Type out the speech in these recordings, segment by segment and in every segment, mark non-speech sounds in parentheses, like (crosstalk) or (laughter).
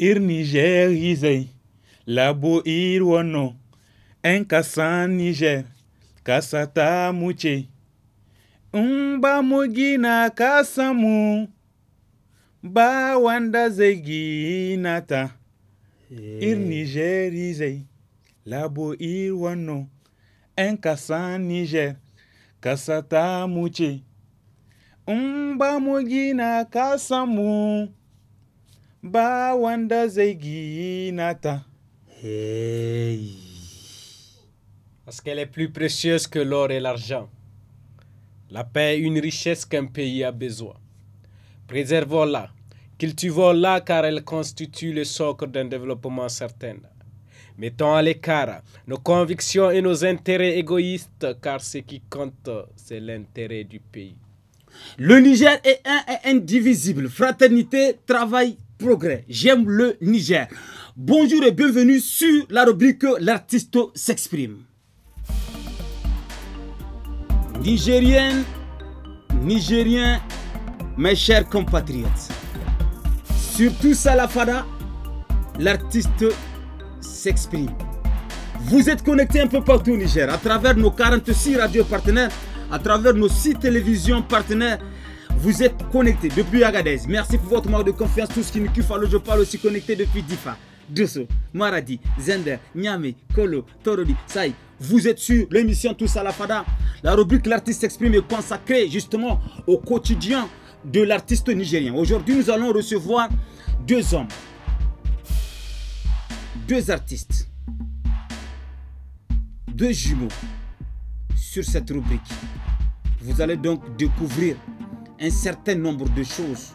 Ir Niger izey, labo ir wono, ‘yan kasan Niger, ta mu ce, in mu gina kasamu ba wanda zai gina ta. Ir Niger izey, labo ir wono, ‘yan kasa Niger, ƙasa ta mu ce, in ba mu gina kasamu. Parce qu'elle est plus précieuse que l'or et l'argent. La paix est une richesse qu'un pays a besoin. Préservons-la, cultivons-la car elle constitue le socle d'un développement certain. Mettons à l'écart nos convictions et nos intérêts égoïstes car ce qui compte, c'est l'intérêt du pays. Le Niger est un et indivisible. Fraternité, travail, progrès. J'aime le Niger. Bonjour et bienvenue sur la rubrique L'artiste s'exprime. Nigérienne, Nigérien, mes chers compatriotes. sur la Salafada, l'artiste s'exprime. Vous êtes connectés un peu partout au Niger, à travers nos 46 radios partenaires, à travers nos 6 télévisions partenaires, vous êtes connecté depuis Agadez. Merci pour votre marque de confiance. Tout ce qui me kiffe, je parle aussi connecté depuis Difa, Dosso, Maradi, Zender, Niamey, Kolo, Torodi, Saï. Vous êtes sur l'émission Tous à la Fada. La rubrique L'artiste s'exprime est consacrée justement au quotidien de l'artiste nigérien. Aujourd'hui, nous allons recevoir deux hommes, deux artistes, deux jumeaux sur cette rubrique. Vous allez donc découvrir un certain nombre de choses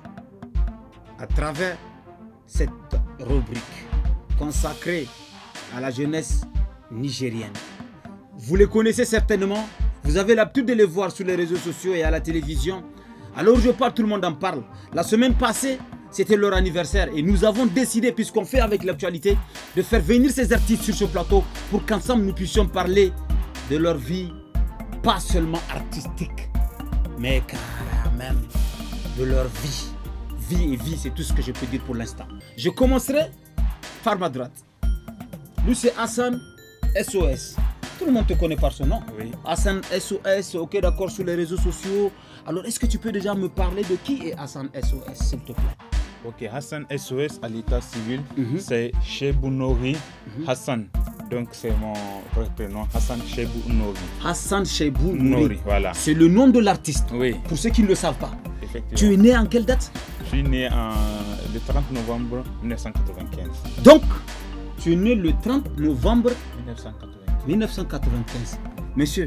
à travers cette rubrique consacrée à la jeunesse nigérienne. Vous les connaissez certainement, vous avez l'habitude de les voir sur les réseaux sociaux et à la télévision. Alors je parle, tout le monde en parle. La semaine passée, c'était leur anniversaire et nous avons décidé, puisqu'on fait avec l'actualité, de faire venir ces artistes sur ce plateau pour qu'ensemble nous puissions parler de leur vie, pas seulement artistique, mais carrément même de leur vie. Vie et vie, c'est tout ce que je peux dire pour l'instant. Je commencerai par ma droite. Lui, c'est Hassan SOS. Tout le monde te connaît par son nom. Oui. Hassan SOS, ok, d'accord, sur les réseaux sociaux. Alors, est-ce que tu peux déjà me parler de qui est Hassan SOS, s'il te plaît Ok, Hassan SOS à l'état civil, mhm. c'est Chebounori mhm. Hassan. Donc c'est mon prénom, Hassan Chebou Nori. Hassan Chebou Nori, voilà. C'est le nom de l'artiste. Oui. Pour ceux qui ne le savent pas. Tu es né en quelle date Je suis né le 30 novembre 1995. Donc, tu es né le 30 novembre 1995. Monsieur,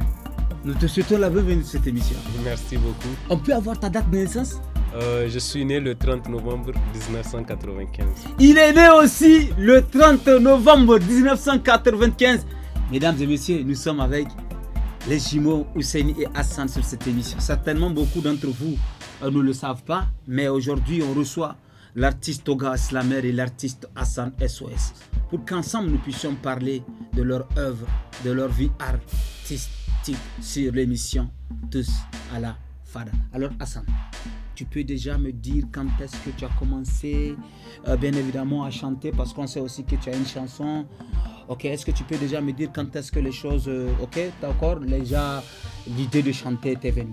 nous te souhaitons la bienvenue de cette émission. Merci beaucoup. On peut avoir ta date de naissance euh, je suis né le 30 novembre 1995. Il est né aussi le 30 novembre 1995. Mesdames et messieurs, nous sommes avec les jumeaux Ousseini et Hassan sur cette émission. Certainement beaucoup d'entre vous euh, ne le savent pas, mais aujourd'hui on reçoit l'artiste Oga Slamer et l'artiste Hassan SOS pour qu'ensemble nous puissions parler de leur œuvre, de leur vie artistique sur l'émission Tous à la alors Hassan, tu peux déjà me dire quand est-ce que tu as commencé, euh, bien évidemment, à chanter, parce qu'on sait aussi que tu as une chanson. Ok, est-ce que tu peux déjà me dire quand est-ce que les choses, euh, ok, d'accord, déjà l'idée de chanter était venue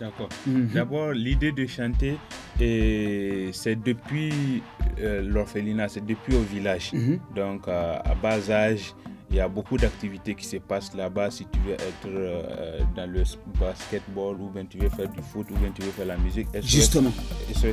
D'accord. Mhm. D'abord, l'idée de chanter, c'est depuis euh, l'orphelinat, c'est depuis au village. Mhm. Donc, à bas âge, il y a beaucoup d'activités qui se passent là-bas si tu veux être euh, euh, dans le basketball ou bien tu veux faire du foot ou bien tu veux faire la musique. SOS, Justement. SOS, ils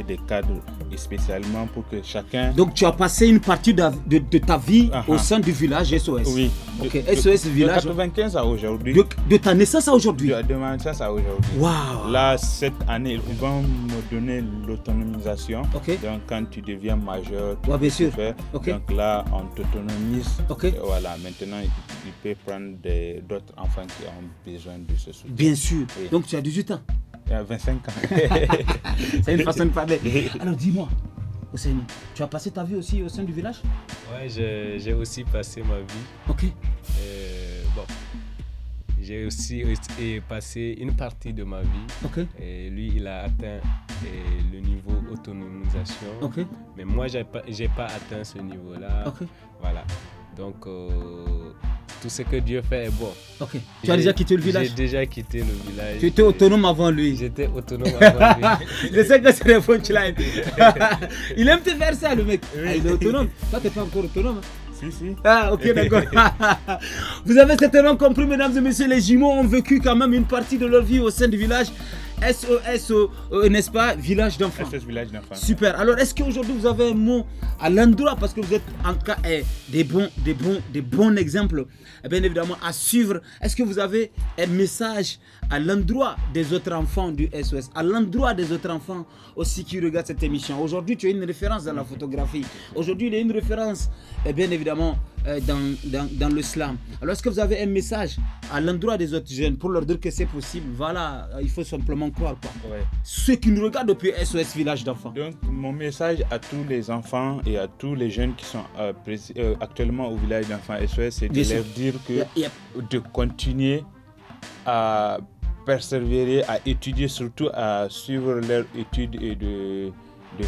ont des cadres spécialement pour que chacun... Donc tu as passé une partie de, ta vie ah au ah. sein du village SOS. Oui. ok, SOS Village. De 95 à aujourd'hui. De, ta naissance à aujourd'hui. De, ma naissance à aujourd'hui. Waouh Là, cette année, ils vont me donner l'autonomisation. Ok. Donc quand tu deviens majeur, tu peux bien Faire. Donc là, on t'autonomise. Ok voilà, maintenant, il peut prendre d'autres enfants qui ont besoin de ce soutien. Bien sûr. Donc, tu as 18 ans 25 ans. (laughs) C'est une façon de parler. (laughs) Alors, dis-moi, tu as passé ta vie aussi au sein du village Ouais, j'ai aussi passé ma vie. Ok. Euh, bon. J'ai aussi passé une partie de ma vie. Ok. Et lui, il a atteint euh, le niveau autonomisation. Mais moi, j'ai pas, pas atteint ce niveau-là. Ok. Voilà. Donc, euh, tout ce que Dieu fait est bon. Ok. Tu as déjà quitté le village J'ai déjà quitté le village. Tu étais autonome avant lui J'étais autonome (laughs) avant lui. je sais que c'est le fond, (laughs) il aime te faire ça, le mec. Ah, il est autonome. Toi, t'es pas encore autonome. Hein? Si, si. Ah, ok, d'accord. (laughs) Vous avez certainement compris, mesdames et messieurs, les jumeaux ont vécu quand même une partie de leur vie au sein du village. SOS euh, n'est-ce pas, village d'enfants. village d'enfants. Super. Alors, est-ce qu'aujourd'hui vous avez un mot à l'endroit parce que vous êtes en cas eh, des bons, des bons, des bons exemples, eh bien évidemment à suivre. Est-ce que vous avez un message à l'endroit des autres enfants du SOS, à l'endroit des autres enfants aussi qui regardent cette émission Aujourd'hui, tu as une référence dans la photographie. Aujourd'hui, il y a une référence, et eh bien évidemment, euh, dans, dans, le slam. Alors, est-ce que vous avez un message à l'endroit des autres jeunes pour leur dire que c'est possible Voilà, euh, il faut simplement croire. Quoi. Ouais. Ceux qui nous regardent depuis SOS Village d'enfants. Donc, mon message à tous les enfants et à tous les jeunes qui sont euh, actuellement au village d'enfants SOS, c'est de leur dire que de continuer à persévérer, à étudier, surtout à suivre leur études et de,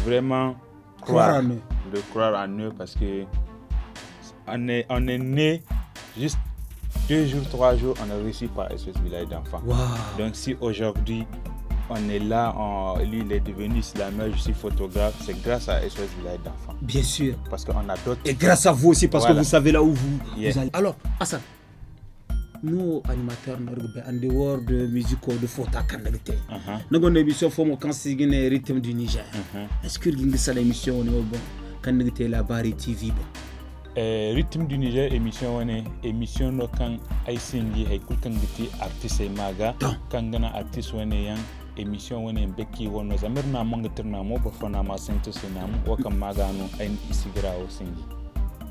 vraiment croire, De croire en eux parce que on est, né juste deux jours, trois jours, on a reçu par SOS Village d'enfants. Donc si aujourd'hui on est là, on, lui il est devenu islamien, je suis photographe, c'est grâce à SOS Village d'enfants. Bien sûr. Parce qu'on a d'autres. Et grâce à vous aussi, parce que vous savez là où vous, allez. Alors, Hassan, nous animateurs en dehors de musique de photo, kandagte uh-huh. nous avons une émission forme quand c'est le rythme du Niger uh-huh. est-ce que vous de une émission au bon la barre TV Eh, rythme du Niger émission wani émission no kan aisingi hay kulkan giti artiste maga kan gana artiste yan émission wani beki wono zamir na mo ba fona ma sentu sinamu wakan maga no ayin isigira o singi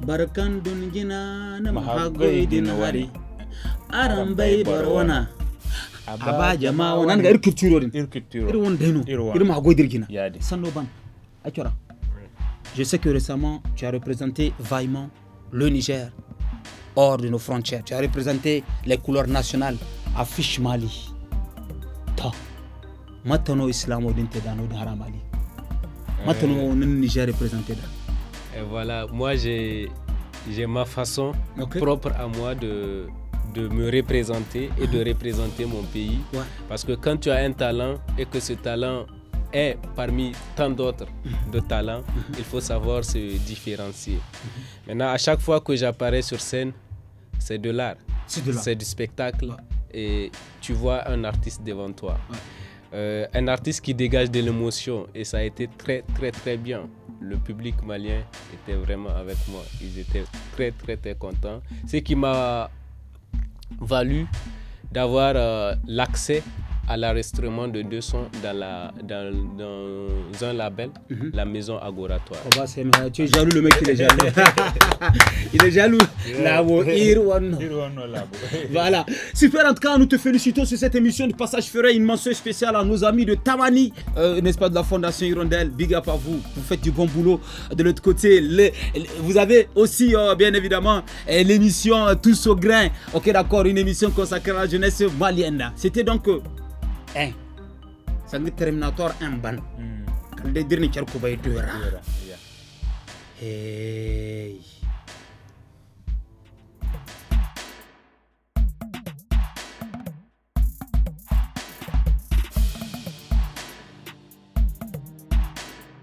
barkan dun gina na mahagoi din hari aran bai barwana aba jama wannan ga irkitiro din irkitiro irwon deno irwon irma ban a Je sais que récemment, tu as représenté vaillement le Niger hors de nos frontières. Tu as représenté les couleurs nationales. Affiche Mali. Maintenant, l'islam est dans nos Mali. Maintenant, on est Niger représenté Et voilà, moi j'ai ma façon propre à moi de, de me représenter et de ah. représenter mon pays. Parce que quand tu as un talent et que ce talent parmi tant d'autres de talents. Il faut savoir se différencier. Maintenant, à chaque fois que j'apparais sur scène, c'est de l'art. C'est du spectacle. Et tu vois un artiste devant toi. Euh, un artiste qui dégage de l'émotion. Et ça a été très, très, très bien. Le public malien était vraiment avec moi. Ils étaient très, très, très contents. Ce qui m'a valu d'avoir euh, l'accès à l'enregistrement de deux sons dans, la, dans, un label, mhm. la maison Agoratoire. c'est tu es jaloux le mec, il est jaloux. (laughs) il est jaloux. voilà. Super, en tout cas, nous te félicitons sur cette émission de Passage ferai une mention spéciale à nos amis de Tamani, euh, n'est-ce pas, de la Fondation Hirondelle. Big up à vous, vous faites du bon boulot. De l'autre côté, les, vous avez aussi, euh, bien évidemment, euh, l'émission Tous au grain. Ok, d'accord, une émission consacrée à la jeunesse malienne. C'était donc... 1 eh, sangi terminator 1 ban mm. kan de dirni charku bay dura yeah. hey